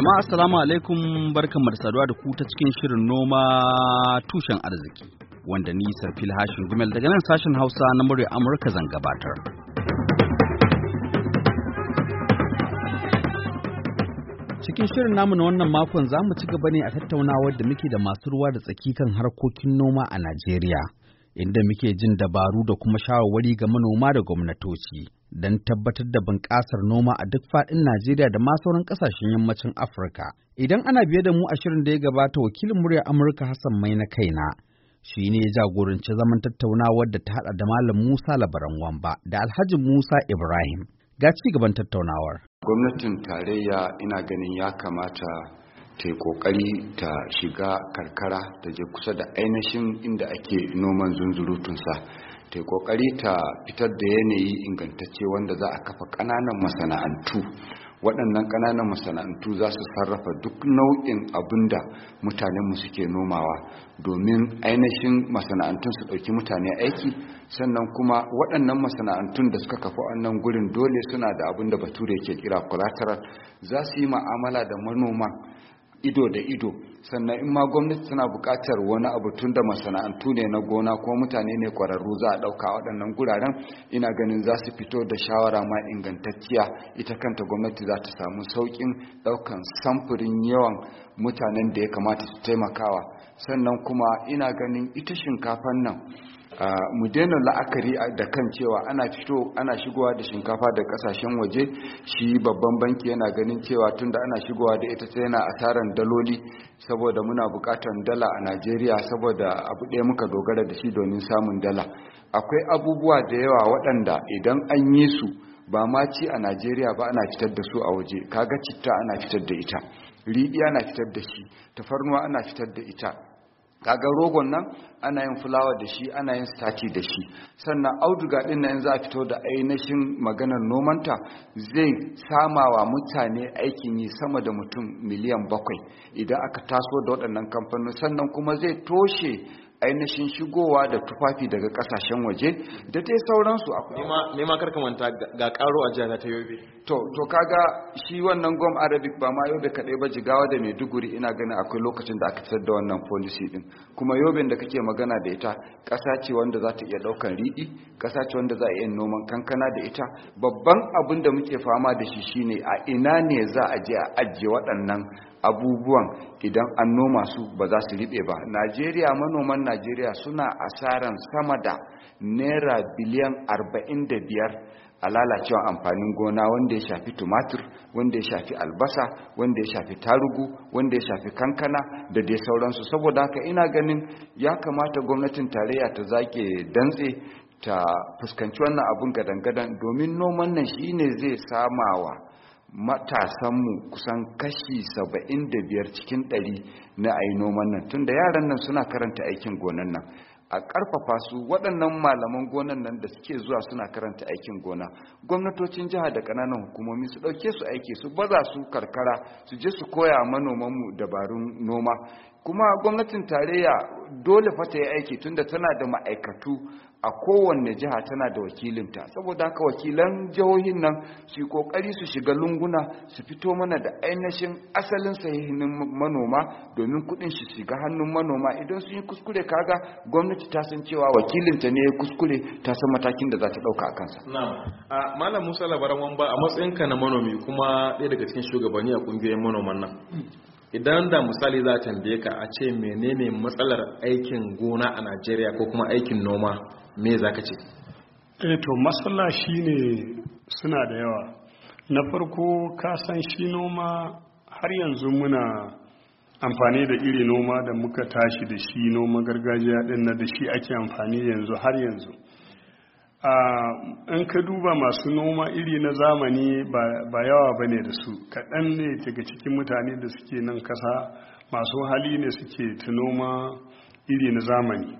Jama'a assalamu alaikum barkan da saduwa da ku ta cikin shirin noma tushen arziki wanda ni Sarfil Hashin Gumel daga nan sashen Hausa na murya Amurka zan gabatar. Cikin shirin namu na wannan makon za mu ci gaba ne a tattaunawar da muke da masu ruwa da tsaki kan harkokin noma a Najeriya, inda muke jin dabaru da kuma shawarwari ga manoma da gwamnatoci. don tabbatar da bunƙasar noma a duk faɗin Najeriya da ma sauran ƙasashen yammacin Afirka. Idan ana biye da mu a shirin da ya gabata wakilin murya Amurka Hassan Mai na kaina shi ne ya jagoranci zaman tattaunawar da ta haɗa da Malam Musa Labaran Wamba da Alhaji Musa Ibrahim. Ga ci gaban tattaunawar. Gwamnatin tarayya ina ganin ya kamata ta yi kokari ta shiga karkara ta je kusa da ainihin inda ake noman zunzurutunsa ta yi kokari ta fitar da yanayi ingantacce wanda za a kafa ƙananan masana'antu waɗannan ƙananan masana'antu za su sarrafa duk nau'in abin da mutanenmu suke nomawa domin ainihin masana'antun su ɗauki mutane aiki sannan kuma waɗannan masana'antun da suka kafa wannan gurin dole suna da abin da bature ke kira collateral za su yi ma'amala da manoman ido da ido sannan in ma gwamnati suna buƙatar wani abu tun da masana'antu ne na gona ko mutane ne kwararru za a ɗauka waɗannan guraren ina ganin za su fito da shawara ma ingantacciya ita kanta gwamnati za ta samu sauƙin ɗaukan samfurin yawan mutanen da ya kamata su taimakawa sannan kuma ina ganin ita shinkafan nan mu daina la'akari da kan cewa ana fito ana shigowa da shinkafa da kasashen waje shi babban banki yana ganin cewa tunda ana shigowa da ita sai yana asaran daloli saboda muna bukatar dala a Najeriya saboda abu ɗaya muka dogara da shi domin samun dala akwai abubuwa da yawa waɗanda idan an yi su ba ma ci a Najeriya ba ana fitar da su a waje kaga citta ana fitar da ita riɗi ana fitar da shi tafarnuwa ana fitar da ita kaga rogon nan ana yin fulawa da shi ana yin stati da shi sannan auduga din nan za a fito da ainihin maganar nomanta zai samawa mutane aikin yi sama da mutum miliyan bakwai idan aka taso da waɗannan kamfanin sannan kuma zai toshe ainihin shigowa da tufafi daga kasashen waje da ta yi sauransu a akwai nema karkamanta ga karo a jihar ta yobe to to kaga shi wannan gom arabic ba ma yobe kadai ba jigawa da maiduguri ina ganin akwai lokacin da aka tsar da wannan policy din kuma yobe da kake magana da ita kasa ce wanda za ta iya daukan riɗi kasa ce wanda za a iya noman kankana da ita babban abin da muke fama da shi shine a ina ne za a je a ajiye waɗannan abubuwan idan an noma su ba za su riɓe ba najeriya manoman najeriya suna asaran sama da naira biliyan 45 a lalacewa amfanin gona wanda ya shafi tumatir wanda ya shafi albasa wanda ya shafi tarugu wanda ya shafi kankana da dai sauransu saboda haka ina ganin ya kamata gwamnatin tarayya ta zake dantse ta fuskanci wannan abun gadangadan domin noman nan shine zai samawa matasanmu kusan kashi 75 cikin 100 na ayi noman nan tunda yaran nan suna karanta aikin gonan nan a karfafa su waɗannan malaman gonan nan da suke zuwa suna karanta aikin gona gwamnatocin jiha da ƙananan hukumomi su ɗauke su aiki su baza su karkara su je su koya manomanmu dabarun noma kuma gwamnatin tarayya dole fa ta yi aiki tunda tana da ma'aikatu a kowanne jiha tana da wakilinta saboda haka wakilan jihohin nan su yi kokari su shiga lunguna su fito mana da ainihin asalin sahihin manoma domin kudin shi shiga hannun manoma idan sun yi kuskure kaga gwamnati ta san cewa wakilinta ne ya kuskure ta san matakin da za ta dauka a kansa na malam Musa labaran wamba a matsayinka na manomi kuma ɗaya daga cikin shugabanni a kungiyoyin manoman nan idan da misali za a tambaye ka a ce menene matsalar aikin gona a Najeriya ko kuma aikin noma me za ka ce eh to matsala shine suna da yawa na farko kasan shi noma har yanzu muna amfani da iri noma da muka tashi da shi noma gargajiya ɗin na da shi ake amfani yanzu har yanzu ah, in ka duba masu noma iri na zamani ba yawa ba ne da su kaɗan ne daga cikin mutane da suke nan kasa masu hali ne suke ta noma iri na zamani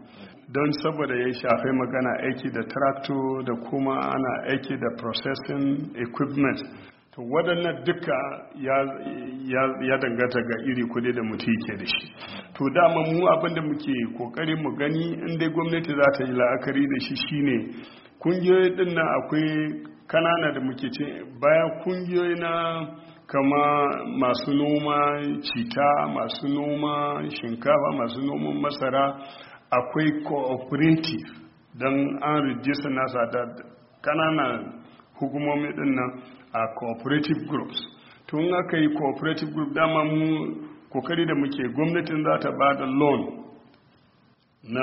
don saboda ya shafi magana aiki da tractor da kuma ana aiki da processing equipment to waɗannan duka ya dangata ga iri kudi da mutu ke da shi to dama mu abinda muke kokari mu gani inda gwamnati za ta yi la'akari da shi shine kungiyoyi din nan akwai kanana da muke ce bayan kungiyoyi na kama masu noma cita masu noma shinkafa masu noman masara akwai cooperative don an rijista nasa da kananan hukumomi din nan a cooperative groups tun aka yi cooperative group dama mu kokari da muke gwamnatin za ta ba da loan na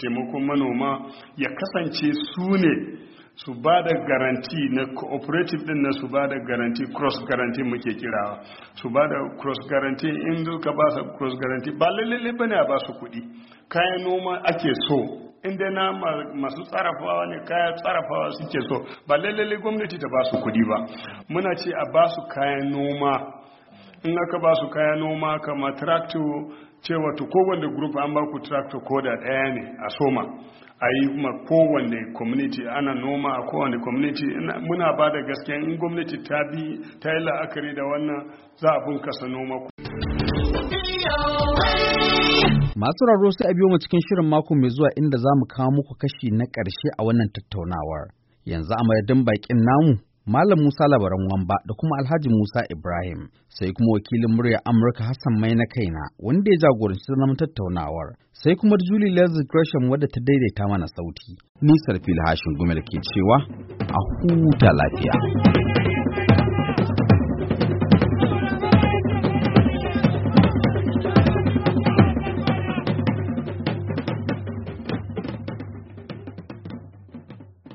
taimako manoma ya kasance su ne su ba da garanti na cooperative din na su ba da garanti cross garanti muke kirawa su ba da cross garanti in duka ba su cross garanti ba lalle bane a ba su kuɗi kayan noma ake so inda na masu tsarafawa ne kayan tsarafawa suke so ba lalle gwamnati ta ba su kuɗi ba muna ce a ba su kayan noma in aka ba su kayan noma kamar tractor cewa to kowanne group an ba ku tractor koda ɗaya ne a soma a yi kuma kowanne community ana noma a kowanne community muna ba da gaske in gwamnati ta bi ta yi la'akari da wannan za a bunkasa noma masu raro sai a biyo mu cikin shirin mako mai zuwa inda za mu kawo muku kashi na ƙarshe a wannan tattaunawar yanzu a madadin bakin namu Malam Musa Labaran Wamba da kuma Alhaji Musa Ibrahim sai kuma wakilin murya Amurka Hassan Mai na kaina wanda ya jagoranci zaman tattaunawar sai kuma Julie Leslie Gresham wadda ta daidaita mana sauti. Nisar fili Hashin Gumel ke cewa a huta lafiya.